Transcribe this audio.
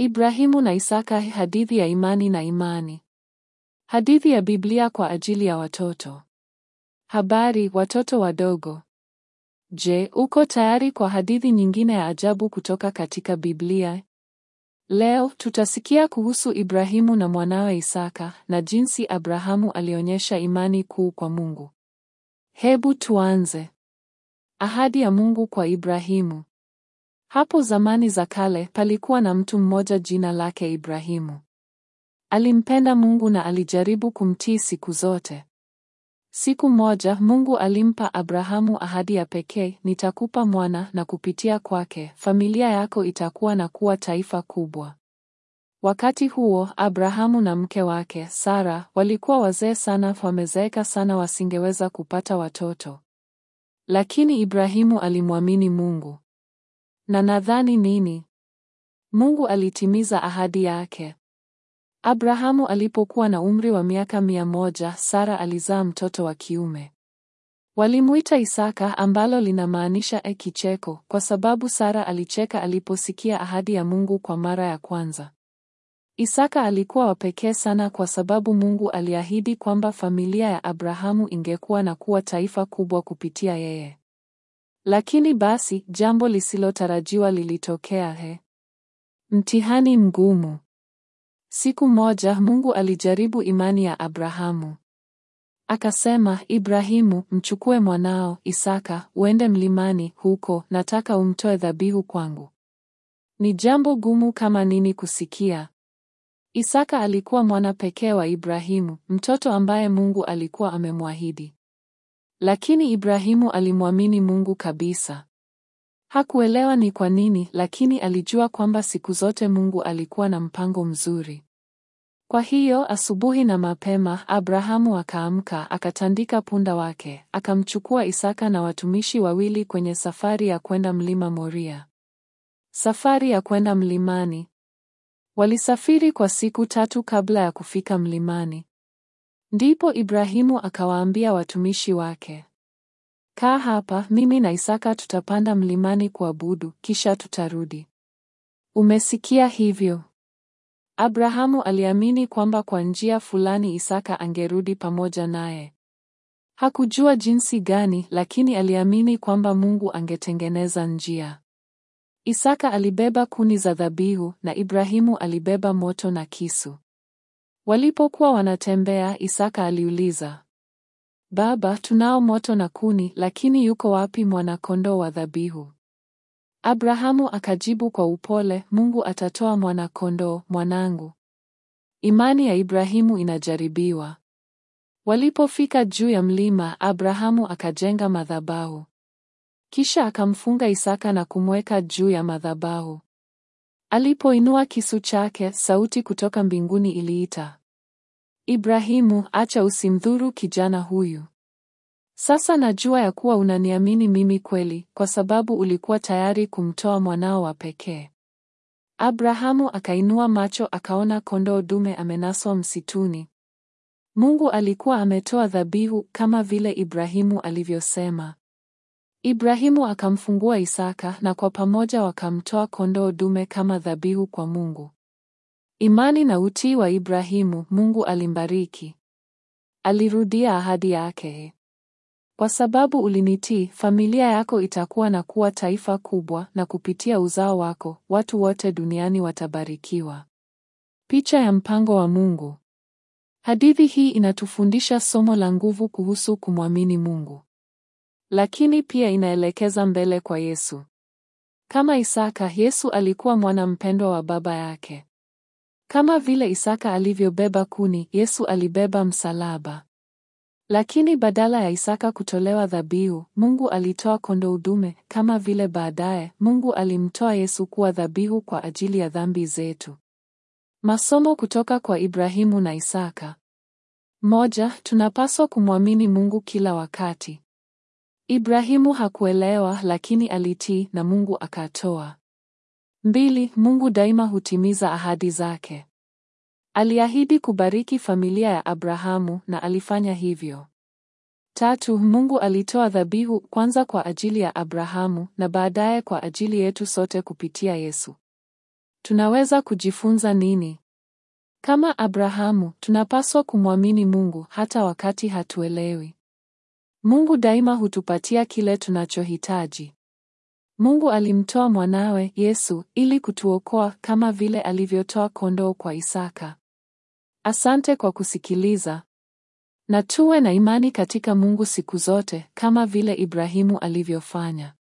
Ibrahimu na Isaka, hadithi ya imani na imani. Hadithi ya Biblia kwa ajili ya watoto. Habari watoto wadogo. Je, uko tayari kwa hadithi nyingine ya ajabu kutoka katika Biblia? Leo tutasikia kuhusu Ibrahimu na mwanawe Isaka na jinsi Abrahamu alionyesha imani kuu kwa Mungu. Hebu tuanze. Ahadi ya Mungu kwa Ibrahimu. Hapo zamani za kale palikuwa na mtu mmoja jina lake Ibrahimu. Alimpenda Mungu na alijaribu kumtii siku zote. Siku moja Mungu alimpa Abrahamu ahadi ya pekee, nitakupa mwana na kupitia kwake familia yako itakuwa na kuwa taifa kubwa. Wakati huo Abrahamu na mke wake Sara walikuwa wazee sana, wamezeeka sana, wasingeweza kupata watoto. Lakini Ibrahimu alimwamini Mungu. Na nadhani nini? Mungu alitimiza ahadi yake. Abrahamu alipokuwa na umri wa miaka mia moja, Sara alizaa mtoto wa kiume. Walimuita Isaka ambalo linamaanisha e, kicheko, kwa sababu Sara alicheka aliposikia ahadi ya Mungu kwa mara ya kwanza. Isaka alikuwa wa pekee sana kwa sababu Mungu aliahidi kwamba familia ya Abrahamu ingekuwa na kuwa taifa kubwa kupitia yeye. Lakini basi jambo lisilotarajiwa lilitokea. He, mtihani mgumu. Siku moja Mungu alijaribu imani ya Abrahamu. Akasema, Ibrahimu, mchukue mwanao Isaka uende mlimani huko, nataka umtoe dhabihu kwangu. Ni jambo gumu kama nini kusikia. Isaka alikuwa mwana pekee wa Ibrahimu, mtoto ambaye Mungu alikuwa amemwahidi. Lakini Ibrahimu alimwamini Mungu kabisa. Hakuelewa ni kwa nini, lakini alijua kwamba siku zote Mungu alikuwa na mpango mzuri. Kwa hiyo asubuhi na mapema Abrahamu akaamka, akatandika punda wake, akamchukua Isaka na watumishi wawili kwenye safari ya kwenda mlima Moria. Safari ya kwenda mlimani. Walisafiri kwa siku tatu kabla ya kufika mlimani. Ndipo Ibrahimu akawaambia watumishi wake, kaa hapa, mimi na Isaka tutapanda mlimani kuabudu, kisha tutarudi. Umesikia hivyo? Abrahamu aliamini kwamba kwa njia fulani Isaka angerudi pamoja naye. Hakujua jinsi gani, lakini aliamini kwamba Mungu angetengeneza njia. Isaka alibeba kuni za dhabihu na Ibrahimu alibeba moto na kisu. Walipokuwa wanatembea, Isaka aliuliza, Baba, tunao moto na kuni, lakini yuko wapi mwanakondoo wa dhabihu? Abrahamu akajibu kwa upole, Mungu atatoa mwanakondoo, mwanangu. Imani ya Ibrahimu inajaribiwa. Walipofika juu ya mlima, Abrahamu akajenga madhabahu. Kisha akamfunga Isaka na kumweka juu ya madhabahu. Alipoinua kisu chake, sauti kutoka mbinguni iliita, Ibrahimu, acha usimdhuru kijana huyu. Sasa najua ya kuwa unaniamini mimi kweli, kwa sababu ulikuwa tayari kumtoa mwanao wa pekee. Abrahamu akainua macho akaona kondoo dume amenaswa msituni. Mungu alikuwa ametoa dhabihu kama vile Ibrahimu alivyosema. Ibrahimu akamfungua Isaka na kwa pamoja wakamtoa kondoo dume kama dhabihu kwa Mungu. Imani na utii wa Ibrahimu, Mungu alimbariki. Alirudia ahadi yake. Kwa sababu ulinitii, familia yako itakuwa na kuwa taifa kubwa na kupitia uzao wako watu wote duniani watabarikiwa. Picha ya mpango wa Mungu. Hadithi hii inatufundisha somo la nguvu kuhusu kumwamini Mungu lakini pia inaelekeza mbele kwa Yesu. Kama Isaka, Yesu alikuwa mwana mpendwa wa baba yake. Kama vile Isaka alivyobeba kuni, Yesu alibeba msalaba. Lakini badala ya Isaka kutolewa dhabihu, Mungu alitoa kondoo dume, kama vile baadaye Mungu alimtoa Yesu kuwa dhabihu kwa ajili ya dhambi zetu. Masomo kutoka kwa Ibrahimu na Isaka. Moja, tunapaswa kumwamini Mungu kila wakati. Ibrahimu hakuelewa lakini alitii na Mungu akatoa. Mbili, Mungu daima hutimiza ahadi zake. Aliahidi kubariki familia ya Abrahamu na alifanya hivyo. Tatu, Mungu alitoa dhabihu kwanza kwa ajili ya Abrahamu na baadaye kwa ajili yetu sote kupitia Yesu. Tunaweza kujifunza nini? Kama Abrahamu, tunapaswa kumwamini Mungu hata wakati hatuelewi. Mungu daima hutupatia kile tunachohitaji. Mungu alimtoa mwanawe Yesu ili kutuokoa kama vile alivyotoa kondoo kwa Isaka. Asante kwa kusikiliza. Na tuwe na imani katika Mungu siku zote kama vile Ibrahimu alivyofanya.